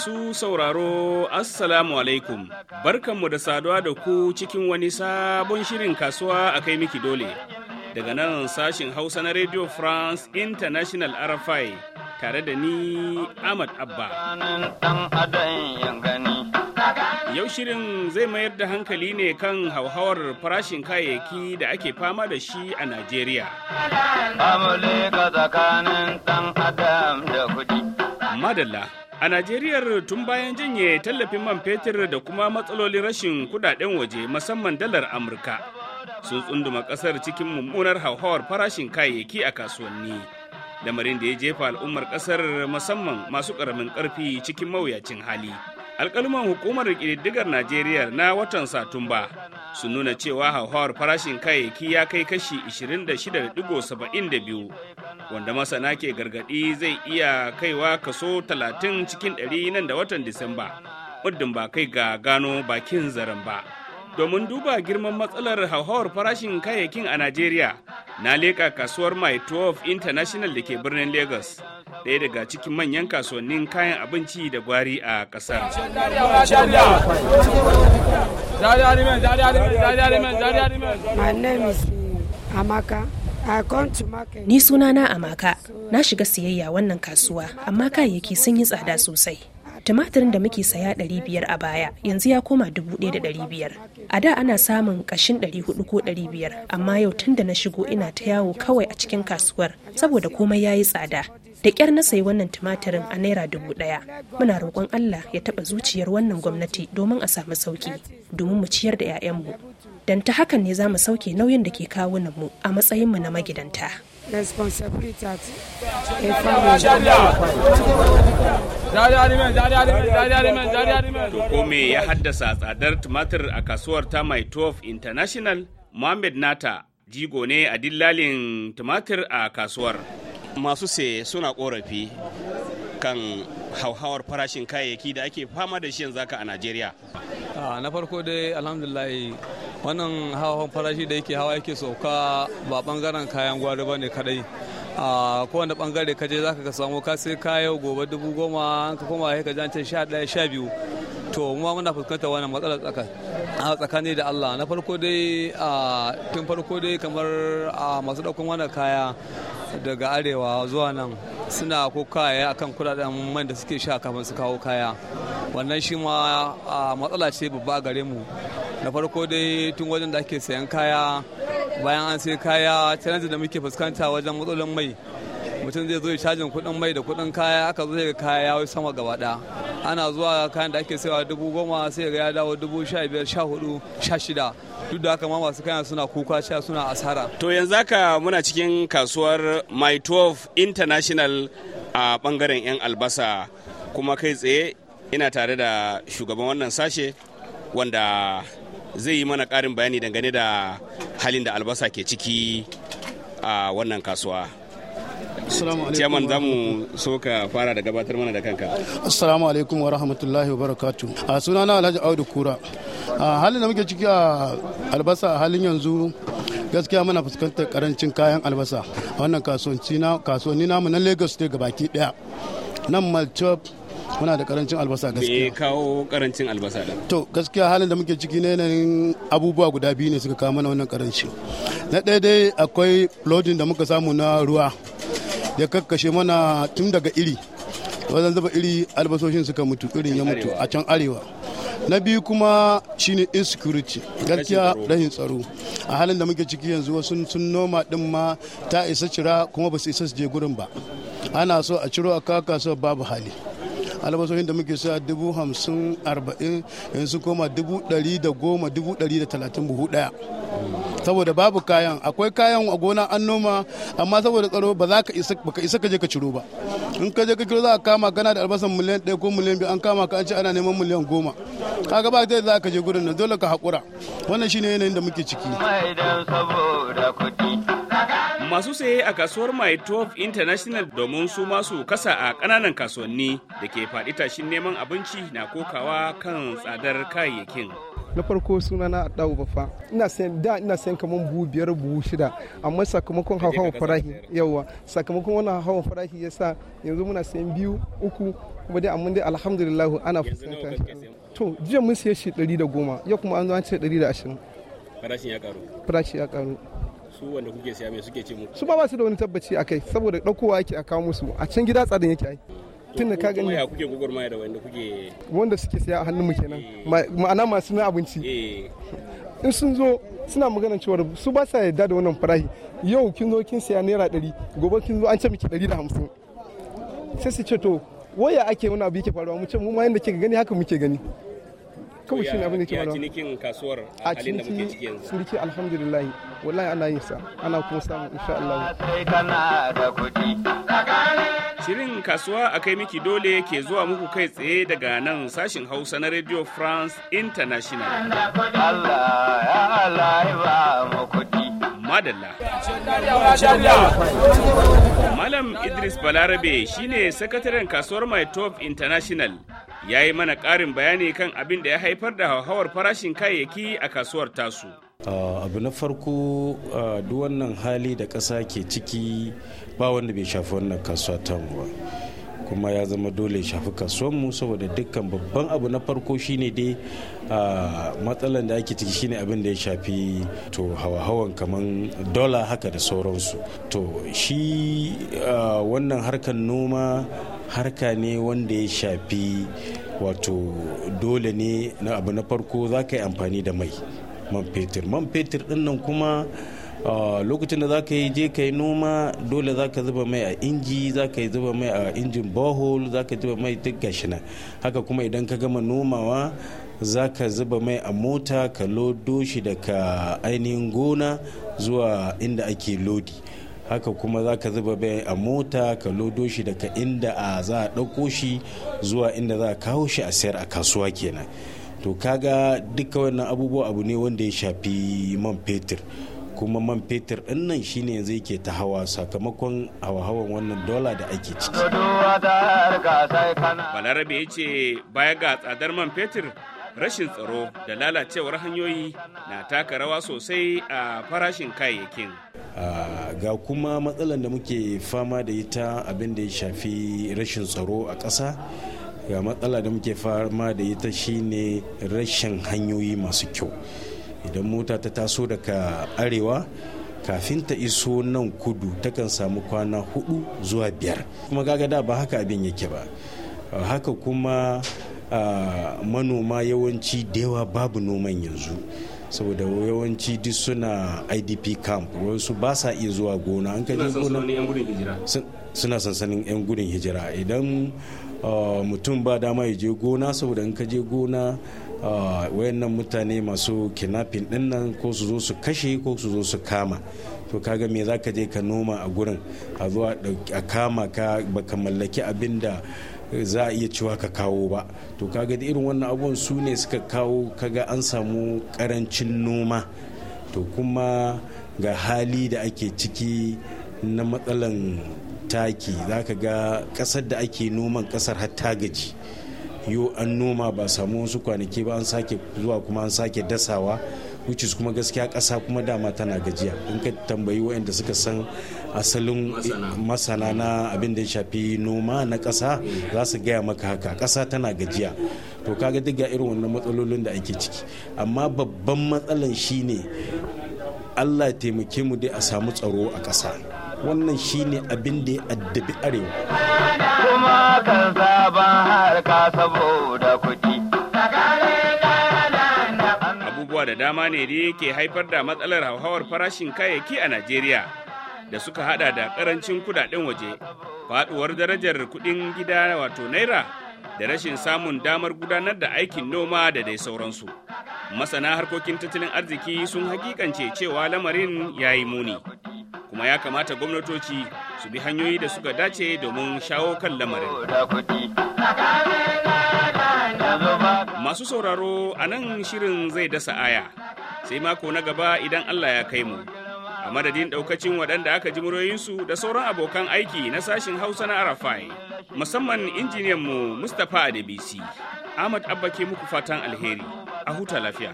Masu sauraro Assalamu alaikum, barkanmu da saduwa da ku cikin wani sabon shirin kasuwa a kai miki dole. Daga nan sashin Hausa na Radio France International RFI tare da ni Ahmad Abba. Yau shirin zai mayar da hankali ne kan hauhawar farashin kayayyaki da ake fama da shi a Najeriya. Madalla. A Najeriya tun bayan janye tallafin man fetur da kuma matsalolin rashin kudaden waje musamman dalar Amurka sun tsunduma kasar cikin mummunar hauhawar farashin kayayyaki a kasuwanni. Lamarin da ya jefa al'ummar kasar musamman masu karamin karfi cikin mawuyacin hali. Alkaluman hukumar kididdigar Najeriya na watan Satumba sun nuna cewa hauhawar farashin kayayyaki ya kai kashi 26.72 wanda masana ke gargadi zai iya kaiwa kaso 30 cikin 100 nan da watan Disamba, muddin ba kai ga gano bakin zaren ba. Domin duba girman matsalar hauhawar farashin kayayyakin a Najeriya, na leƙa kasuwar My 12 International da ke birnin Lagos, ɗaya daga cikin manyan kasuwannin kayan abinci da gwari a ƙasar. My Ni sunana maka. na shiga siyayya wannan kasuwa, amma kayayyaki sun yi tsada sosai. Tumatirin da muke saya ɗari biyar a baya yanzu ya koma dubu ɗaya da ɗari biyar. A da ana samun ƙashin ɗari hudu ko ɗari biyar, amma yau tun da na shigo ina ta yawo kawai a cikin kasuwar saboda komai ya yi tsada. Da ƙyar na sayi wannan tumatirin a naira dubu ɗaya. Muna roƙon Allah ya taɓa zuciyar wannan gwamnati domin a samu sauƙi, domin mu ciyar da 'ya'yanmu. don ta hakan ne za mu sauke nauyin da ke mu a matsayinmu na magidanta. To ya haddasa tsadar tumatir a kasuwar ta mai 12 International Mohammed Nata jigo ne a dillalin tumatir a kasuwar. Masu se suna korafi kan hauhawar farashin kayayyaki da ake fama da shi yanzu a Najeriya. Ah, na farko dai alhamdulillah wannan hawan farashi da yake hawa yake sauka ba bangaren kayan gwari ba ne kadai a kowane bangare kaje za ka samu ka sai kayo gobe dubu goma an ka koma ka ce sha ɗaya sha biyu to ma muna fuskantar wannan matsalar tsakan a tsakani da Allah na farko dai a tun farko dai kamar a masu ɗaukan wannan kaya daga arewa zuwa nan suna ko kaya akan kudaden man da suke sha kafin su kawo kaya wannan shi ma matsala ce babba gare mu na farko dai tun wajen da ake sayan kaya bayan an sai kaya canji da muke fuskanta wajen matsalolin mai mutum zai zo ya cajin kudin mai da kudin kaya aka zo ga kaya ya sama gaba ana zuwa kayan da ake sayawa dubu goma sai ga ya dawo dubu sha biyar sha hudu sha shida duk da haka ma masu kayan suna kuka sha suna asara to yanzu haka muna cikin kasuwar my 12 international a bangaren yan albasa kuma kai tsaye ina tare da shugaban wannan sashe wanda zai yi mana ƙarin bayani dangane da halin da albasa ke ciki a wannan kasuwa Ciyaman za mu so ka fara da gabatar mana da kanka. Assalamu alaikum wa rahmatullahi wa barakatu. A sunana Alhaji Audu Kura. A halin da muke ciki a albasa a halin yanzu gaskiya muna fuskantar karancin kayan albasa a wannan kasuwanci na kasuwanni namu na Lagos State gabaki daya. Nan Malchop muna da karancin albasa gaskiya. Me kawo karancin albasa da? To gaskiya halin da muke ciki ne yanayin abubuwa guda biyu ne suka kawo mana wannan karanci. Na ɗaya dai akwai flooding da muka samu na ruwa ya kakkashe mana tun daga iri. Wajen zuba iri albasoshin suka mutu irin ya mutu a can arewa. Na biyu kuma shine insecurity gaskiya rahin tsaro. a halin da muke ciki yanzu wasu sun noma din ma ta isa cira kuma ba su isa su je gurin ba ana so a ciro a kaka so babu hali albasohin da muke sa dubu hamsin arba'in yanzu koma dubu dari da goma dubu dari da talatin buhu ɗaya saboda babu kayan akwai kayan a gona an noma amma saboda tsaro ba za ka isa baka isa ka je ka ciro ba in ka je ka ciro za ka kama kana da albasan miliyan ɗaya ko miliyan biyu an kama ka an ce ana neman miliyan goma ga ba ta za ka je gurin nan dole ka haƙura wannan shine yanayin da muke ciki saboda kuɗi masu saye a kasuwar my 12 international domin su masu kasa a kananan kasuwanni da ke faɗi tashin neman abinci na kokawa kan tsadar kayayyakin na farko suna na dawo bafa ina sayan da ina sayan kaman buhu biyar buhu shida amma sakamakon hauhawar farahi yawa sakamakon wannan hauhawar farahi yasa yanzu muna sayan biyu uku kuma dai amma dai alhamdulillah ana fuskanta to jiya mun siya shi 110 yau kuma an zo an ce 120 farashin ya karu farashin ya karu su wanda kuke siya me suke ce muku su ba ba su da wani tabbaci akai saboda ɗaukowa yake a kawo musu a can gida tsadan yake ai tun da ka gani ya kuke gugurmaya da wanda kuke wanda suke siya a hannun mu kenan eh. ma'ana masu na abinci eh. in sun zo suna magana cewa su ba sa yarda da wannan farahi yau kin zo kin siya naira ɗari gobe kin zo an ce miki ɗari da hamsin sai su ce to waya ake wani abu yake faruwa mu ce mu ma yadda kika gani haka muke gani kawai ne abin da ke mana cinikin kasuwar a halin da muke ciki yanzu ciniki alhamdulillah wallahi ana yin sa ana kuma samu insha Allah Shirin kasuwa a kai miki dole ke zuwa muku kai tsaye daga nan sashin Hausa na Radio France International. Allah ya Allah ba mu madalla. Malam Idris Balarabe shine sakataren kasuwar My Top International ya yi mana ƙarin bayani kan abin da ya haifar da hauhawar farashin kayayyaki a kasuwar tasu. Uh, abu na farko uh, duk wannan hali da ƙasa ke ciki ba wanda bai shafi wannan kasuwa tamu ba kuma ya zama dole shafi mu saboda dukkan babban abu na farko shine dai matsalan da ake ciki shine abin da ya shafi to hawa-hawan kaman dola haka da sauransu to shi wannan harkar noma harka ne wanda ya shafi wato dole ne na abu na farko za ka yi amfani da mai man fetur man fetur din nan kuma lokacin da za ka yi je ka yi noma dole za ka zuba mai a inji za ka zuba mai a injin bohol za ka zuba mai duk gashina haka kuma idan ka gama nomawa za ka zuba mai a mota ka lodo shi daga ainihin gona zuwa inda ake lodi haka kuma za ka zuba bayan a mota ka lodo shi daga inda a za a ɗauko shi zuwa inda za a kawo shi a sayar a kasuwa kenan to kaga duka wannan abubuwa abu ne wanda ya shafi man fetur kuma man fetur din nan shine yanzu yake ta hawa sakamakon hawa-hawan wannan dola da ake ciki balarabe ya ce baya ga tsadar man fetur rashin tsaro da lalacewar hanyoyi na taka rawa sosai a farashin kayayyakin ga kuma matsalar da muke fama da ita abin da ya shafi rashin tsaro a ƙasa ga matsala da muke fama da ita shine rashin hanyoyi masu kyau idan mota ta taso daga arewa kafin ta iso nan kudu takan samu kwana hudu zuwa biyar kuma gagada ba haka abin yake ba haka kuma manoma yawanci da babu noman yanzu saboda yawanci duk suna idp camp wasu ba sa iya zuwa gona an kaji gona suna sansanin 'yan gudun hijira idan mutum ba dama ya je gona saboda in ka je gona wayannan mutane masu kinafin dinnan ko su zo su kashe ko su zo su kama to kaga me za ka je ka noma a gurin a zuwa a kama ka baka mallaki abinda. za a iya cewa ka kawo ba to kaga da irin wannan abubuwan su ne suka kawo kaga an samu karancin noma to kuma ga hali da ake ciki na matsalan taki za ka ga ƙasar da ake noman ƙasar har ta gaji yo an noma ba samu wasu kwanaki ba an sake zuwa kuma an sake dasawa which is kuma gaskiya kasa kuma dama tana gajiya in ka tambayi waɗanda suka san asalin masana na abin da ya shafi noma na ƙasa za su gaya maka haka kasa tana gajiya to kaga duk ga irin wannan matsalolin da ake ciki amma babban matsalan shine allah taimake mu dai a samu tsaro a kasa wannan shine abin da ya addabi arewa kuma kan har ka saboda ne da ke haifar da matsalar hauhawar farashin kayayyaki a Najeriya da suka hada da karancin kudaden waje, faduwar darajar kudin gida wato naira da rashin samun damar gudanar da aikin noma da dai sauransu. Masana harkokin tattalin arziki sun hakikance cewa lamarin ya yi muni, kuma ya kamata gwamnatoci su bi hanyoyi da suka dace domin shawo kan lamarin. Masu sauraro a nan shirin zai dasa aya sai mako na gaba idan Allah ya kai mu. A madadin ɗaukacin waɗanda aka ji muroyinsu da sauran abokan aiki na sashin Hausa na Arafai, musamman injiniyan mu Mustapha Adebisi, Ahmad Abba ke muku fatan alheri, a huta lafiya.